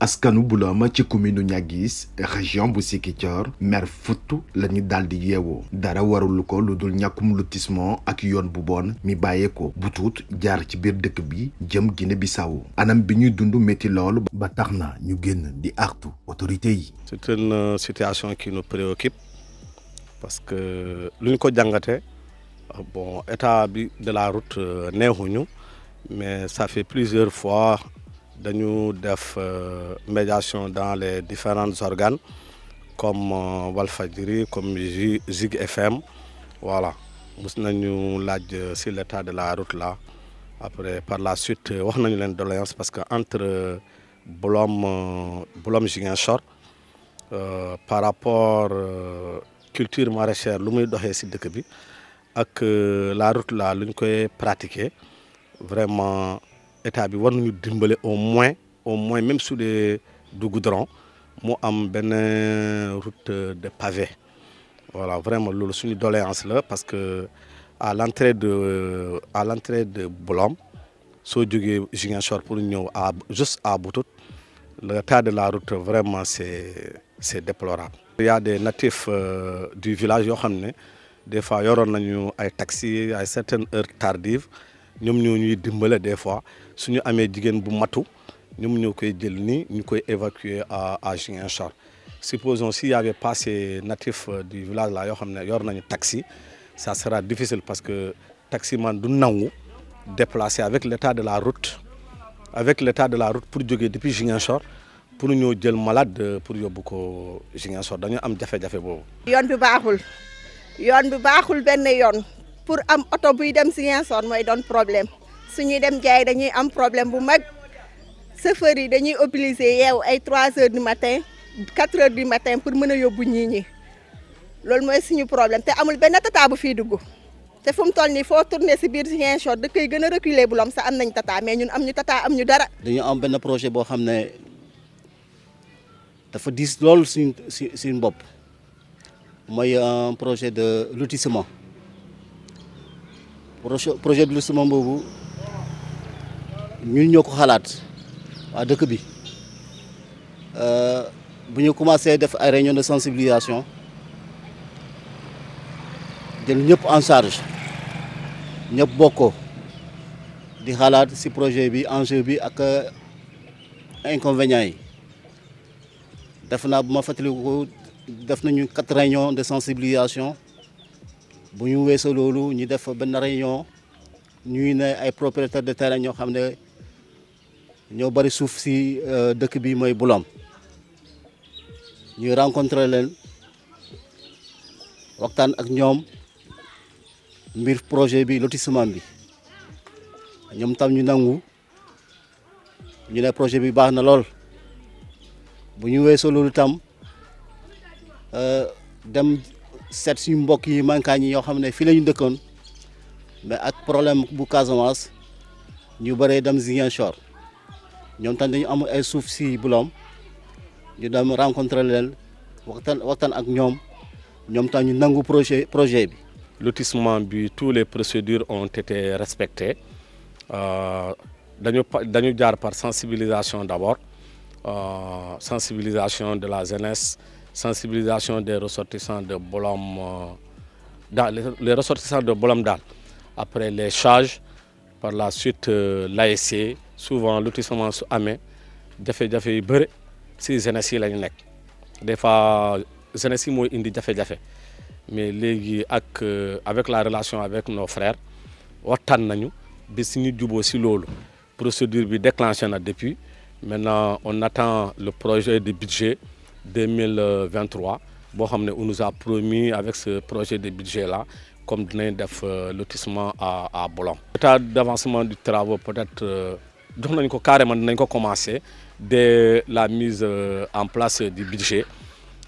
askanu Bouloma ci commune Niaguis région bu Ziguinchor mer futt la ñu daal di yeewoo dara warul ko lu dul ñàkkum lotissement ak yoon bu bon mi bàyyeekoo bu tuut jaar ci biir dëkk bi jëm Guinée Bissau anam bi ñuy dund métti lool ba tax na ñu génn di artu autorité yi. c'est une euh, situation qui nous préoccupe parce que euh, lu ñu ko jàngatee euh, bon état bi de la route neexuñu mais ça fait plusieurs fois. dañu def euh, médiation dans les différents organes comme euh, Walfadjri comme Zik FM voilà mus nañu laaj euh, si l'état de la route la après par la suite wax nañu leen doléance parce que entre Boulom Boulom Ziguinchor par rapport culture maraîchère lu muy doxee si dëkk bi ak la route la lu ñu koy pratiquer vraiment état bi war nañu dimbale au moins au moins même su dee du mu am benn euh, route euh, de pavé voilà vraiment loolu suñu doléance la parce que à l'entrée de euh, à de Bolom soo jógee Ziguinchor pour ñëw à juste à Boutout l'état de la route vraiment c'est c'est déplorable. il y a des du village yoo xam ne des fois yoroon nañu ay taxi ay certaines heures tardives. ñoom ñoo ñuy dimbale des fois suñu amee jigéen bu matu ñoom ñoo koy jël ni ñu koy évacuer à à Ziguinchor supposons s'il y avait pas ces natifs euh, du village la yoo xam ne yor nañu taxi ça sera difficile parce que man du nangu déplacer avec l'état de la route avec l'état de la route pour jógee depuis Ziguinchor pour ñoo jël malade euh, pour yóbbu ko Ziguinchor dañu am jafe-jafe boobu. yoon bi baaxul yoon bi baaxul benn yoon. pour am oto buy dem Ziguinchor mooy doon problème suñuy dem jaay dañuy am problème bu mag chauffeur yi dañuy obligé yeewu ay 3 heures du matin 4 heures du matin pour mën a yóbbu ñii ñi loolu mooy suñu problème te amul benn tata bu fii dugg te fu mu toll nii foo tourné si biir Ziguinchor dëkk yi gën a reculé bu lom sa am nañ tata mais ñun am ñu tata am ñu dara. dañu am benn projet boo xam ne dafa diis loolu suñ suñ bopp mooy un projet de lotissement. projet de lotissement boobu ñu ñoo ko xalaat waa dëkk bi euh, bu ñu commencé def ay réunion de sensibilisation jël ñëpp en charge ñëpp bokko di xalaat si projet bi enjeu bi ak euh, inconvénients yi def naa bu ma ko def nañu quatre réunions de sensibilisation bu ñu weesoo loolu ñu def benn réunion ñuy ne ay propriétaires de terrain ñoo xam ne ñoo bari suuf si euh, dëkk bi mooy Boulome ñuy rencontrer leen waxtaan ak ñoom mbir projet bi lotissement bi ñoom tam ñu nangu ñu ne projet bi baax na lool bu ñu weesoo loolu tam euh, dem. seet suñu mbokk yi mankaañ yi yoo xam ne fii la ñu dëkkoon mais ak problème bu Casamance ñu bëree dem Ziguinchor ñoom tam dañu am ay suuf si Boulome ñu dem rencontré leen waxtaan waxtaan ak ñoom ñoom tam ñu nangu projet projet bi. lotissement bi tous les procédures ont été respectées euh, dañu dañu jaar par sensibilisation d'abord euh, sensibilisation de la jeunesse. sensibilisation des ressortissants de Bolom, euh, dans les, les, ressortissants de Bolom daal Après les charges, par la suite euh, l'ASC, souvent lotissement su amee jafe-jafe yu bëri si jeunesse yi lañu nekk des fois jeunesse yi mooy indi jafe-jafe mais léegi ak euh, avec la relation avec nos frères waxtaan nañu ba suñu juboo si loolu procédure bi déclenché na depuis maintenant on attend le projet de budget 2023 boo xam ne on nous a promis avec ce projet de budget là comme de dinañ def euh, lotissement à à Bolom. état d'avancement du travaux peut-être euh, jox nañ ko carrément dinañ ko commencer dès la mise euh, en place du budget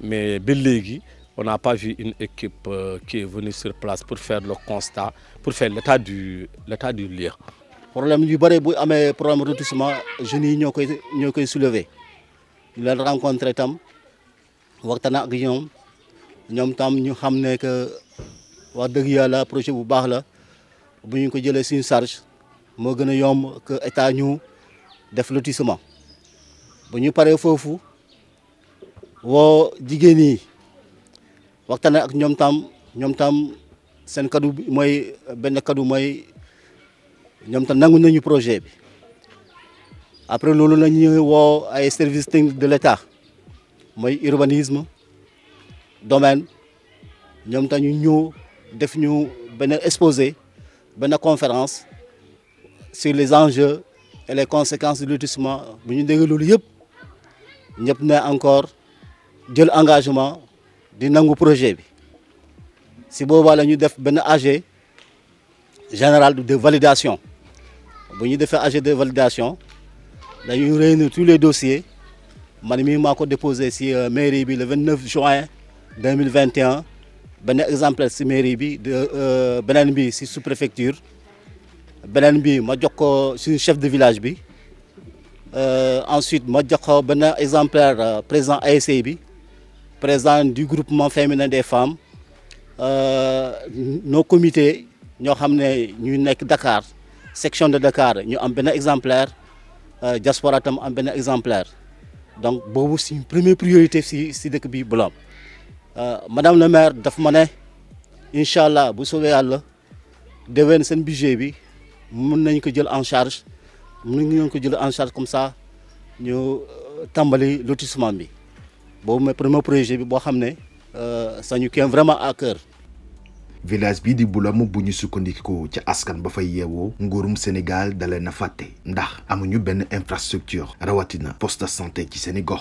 mais ba léegi o n'a pas vu une équipe qui est venue sur place pour faire le constat pour faire l'état du l'état du lieu. problème yu bëri bu amee problème lotissement jeunes yi ñoo koy ñoo koy soulever ñu tam. waxtaan ak ñoom ñoom tam ñu xam ne que wax dëgg yàlla projet bu baax la bu ñu ko jëlee suñu charge moo gën a yomb que état ñu def lotissement bu ñu paree foofu woo jigéen yi waxtaan ak ñoom tam ñoom tam seen kaddu mooy benn kaddu mooy ñoom tam nangu nañu projet bi après loolu la ñuy woo ay services techniques de l'État mooy urbanisme domaine ñoom tañu ñu def ñu benn exposé benn conférence sur les enjeux et les conséquences du lotissement bu ñu déggee loolu yëpp ñëpp na encore jël engagement di nangu projet bi si boobaa la ñu def benn AG général de validation bu ñu defee AG de validation dañuy réunir tous les dossiers man mii maa ko déposé si euh, mairie bi le 29 juin 2021 benn exemplaire si mairie bi de euh, beneen bi si sous-préfecture beneen bi ma jox ko suñu chef de village bi euh, ensuite ma jox ko benn exemplaire président ASC bi président du groupement féminin des femmes no comités ñoo xam ne ñu nekk Dakar section de Dakar ñu am benn exemplaire diaspora tam am benn exemplaire donc boobu suñ première priorité si si dëkk bi bu la am euh, madame le maire daf ma ne incha allah bu soobee yàlla déwén seen budget bi mun nañ ko jël en charge mun nañ ko jël en charge comme ça ñu euh, tàmbali lotissement bi boobu mooy premier projet bi boo xam ne euh, ça ñu tient vraiment à cœur. village bii di Boulam bu ñu sukkandikoo ci askan ba fay yeewoo nguurum Sénégal dalee na fàtte ndax ñu benn infrastructure rawatina poste de santé ci seeni gox.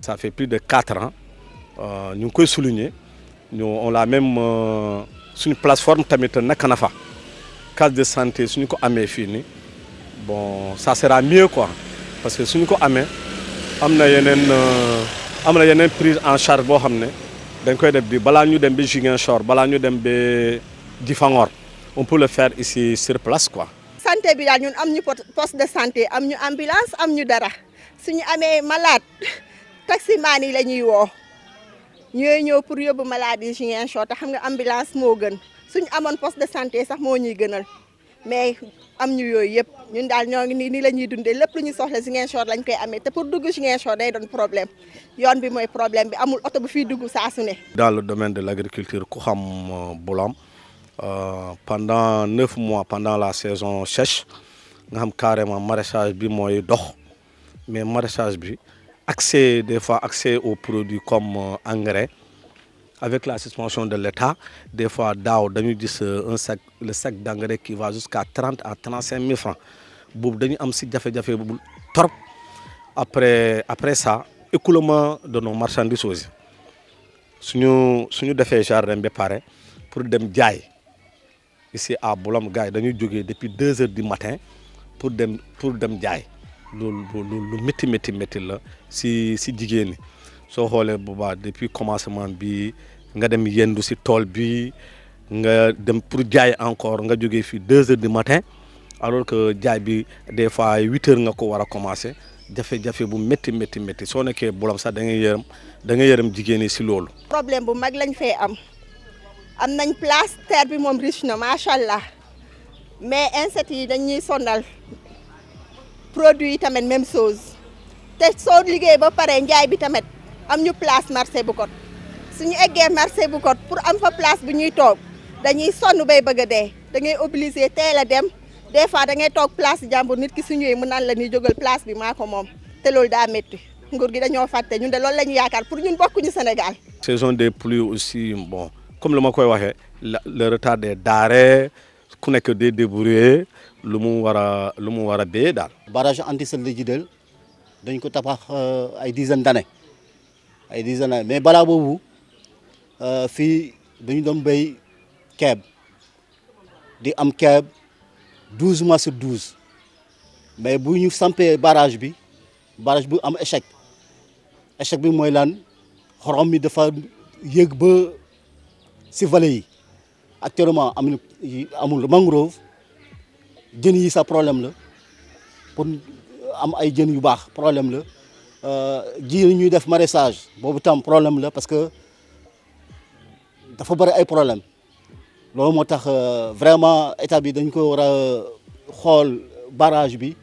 ça fait plus de quatre ans euh, ñu ngi koy souligner ñu on la même euh, suñu plateforme tamit nekk nafa fa case de santé suñu ko amee fii nii bon ça sera mieux quoi parce que suñu ko amee am na yeneen euh, am na yeneen prise en charge boo xam ne. dañ koy def bi balaa ñu dem ba Ziguinchor balaa ñu dem ba Difangor on peut le faire ici sur place quoi. santé bi daal ñun am ñu poste de santé am ñu ambulance am ñu dara suñu amee malade taximaan yi la ñuy woo ñooy ñëw pour yóbbu malade yi Ziguinchor te xam nga ambulance moo gën suñu amoon poste de santé sax moo ñuy gënal. mais am ñu yooyu yëpp ñun daal ñoo ngi nii nii la ñuy dundee lépp lu ñu soxla Ziguinchor lañ koy amee te pour dugg Ziguinchor day doon problème yoon bi mooy problème bi amul oto bu fiy dugg saa su dans le domaine de l' agriculture ku xam euh, Boulam euh, pendant neuf mois pendant la saison sèche nga xam carrément maraîchage bi mooy dox mais maraîchage bi accès des fois accès au produit comme euh, engrais. avec la suspension de l'État, des fois, DAO, euh, un sac, le sac d'engrais qui va jusqu'à trent à 35 000 francs. Après, après ça, écoulement de nos marchandises aussi. Si nous avons fait jardin préparé pour dem jaay si à Boulam gars yi dañuy jógee depuis deux heures du matin pour dem pour dem jaay loolu loolu lu métti métti métti la si si jigéen ñi soo xoolee bu baax depuis commencement bi nga dem yendu si tool bi nga dem pour jaay encore nga jóge fii deux heures du matin alors que jaay bi des fois huit nga ko war a commencer jafe-jafe bu métti métti métti soo nekkee borom sax da ngay yërëm da ngay yërëm jigéen ñi si loolu. problème bu mag lañ fee am am nañ place bi moom riche na macha allah mais insectes yi dañuy produit yi tamit même chose te soo liggéey ba pare njaay bi tamit. am ñu place marché bu kot suñu eggee marché bu kot pour am fa place bu ñuy toog dañuy sonn bay bëgg a dee da ngay obligé teel a dem des fois da ngay toog place jàmbur nit ki su ñëwee mu naan la ni jógal place bi maa ko moom te loolu daa métti nguur gi dañoo fàtte ñun de loolu la ñu yaakaar pour ñun bokkuñu Sénégal. saison des pluies aussi bon comme lu ma koy waxee le retard des denrées ku nekk day débrouiller lu mu war a lu mu war a béyee daal. barrage anti-sel la Jideel dañ ko tabax euh, ay dizaine d'années ay dizaine ay mais balaa boobu euh, fii dañu doon bay keeb di am keeb douze mois sur douze mais bu ñu sampee barage bi barrage bu am échec échec bi mooy lan xorom mi dafa yéeg ba si vallée yi actuellement amuñu amul mangrove jën yi sa problème la pour am ay jën yu baax problème la ji euh, ñuy def maraîchage boobu tam problème la parce que dafa bëri ay problème loolu moo tax euh, vraiment état bi dañ ko war a xool barage bi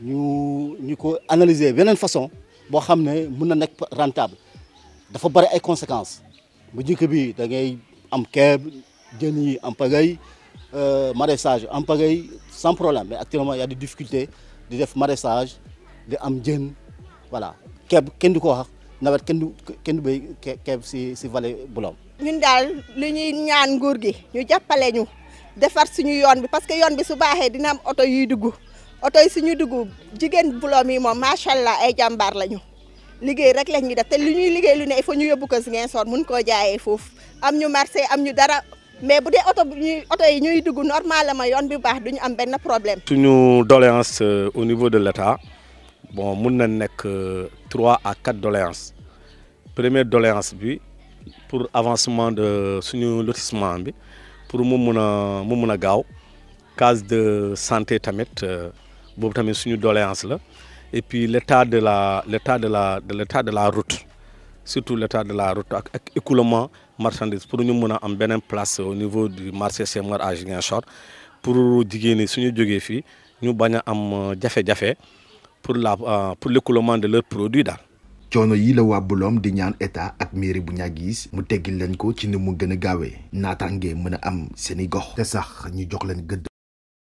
ñu ñu ko analyser beneen façon boo xam ne mun na nekk rentable dafa bëri ay conséquences bu njëkk bi da ngay am keeb jën yi en pagaille euh, maraîchage en pagaille sans problème mais actuellement il y a di def maraîchage di am jën voilà keeb kenn du ko wax nawet kenn du kenn du béy keeb si si vallée Boulom. ñun daal li ñuy ñaan nguur gi ñu jàppale ñu defar suñu yoon bi parce que yoon bi su baaxee dina am oto yuy dugg oto yi suñu dugg jigéen Boulom yi moom macha allah ay jàmbaar lañu. liggéey rek lañ ñu def te li ñuy liggéey lu ne il ñu yóbbu ko Ziguinchor mun koo jaaye foofu am ñu marché am ñu dara mais bu dee oto bu ñuy oto yi ñuy dugg normalement yoon bi baax du ñu am benn problème. suñu doléance euh, au niveau de l' état bon mun na nekk euh, trois à quatre doléances première doléance bi pour avancement de suñu lotissement bi pour mu mun a mu mun a gaaw case de santé tamit euh, boobu tamit suñu doléance la et puis l' état de la l' état de la de l' état de la route surtout l' état de la route ak ak écoulement marchandise pour ñu mun a am beneen place au niveau du marché Seymour à Ziguinchor pour jigéen ñi suñu jógee fii ñu bañ a am euh, jafe-jafe pour la euh, pour l'écoulement de leurs produits daal. coono yi la waa Bulom di ñaan état ak mairie bu Niaguis mu teggi leen ko ci ne mu gën a gaawee naataange mën a am seeni gox te sax ñu jox leen gëdd.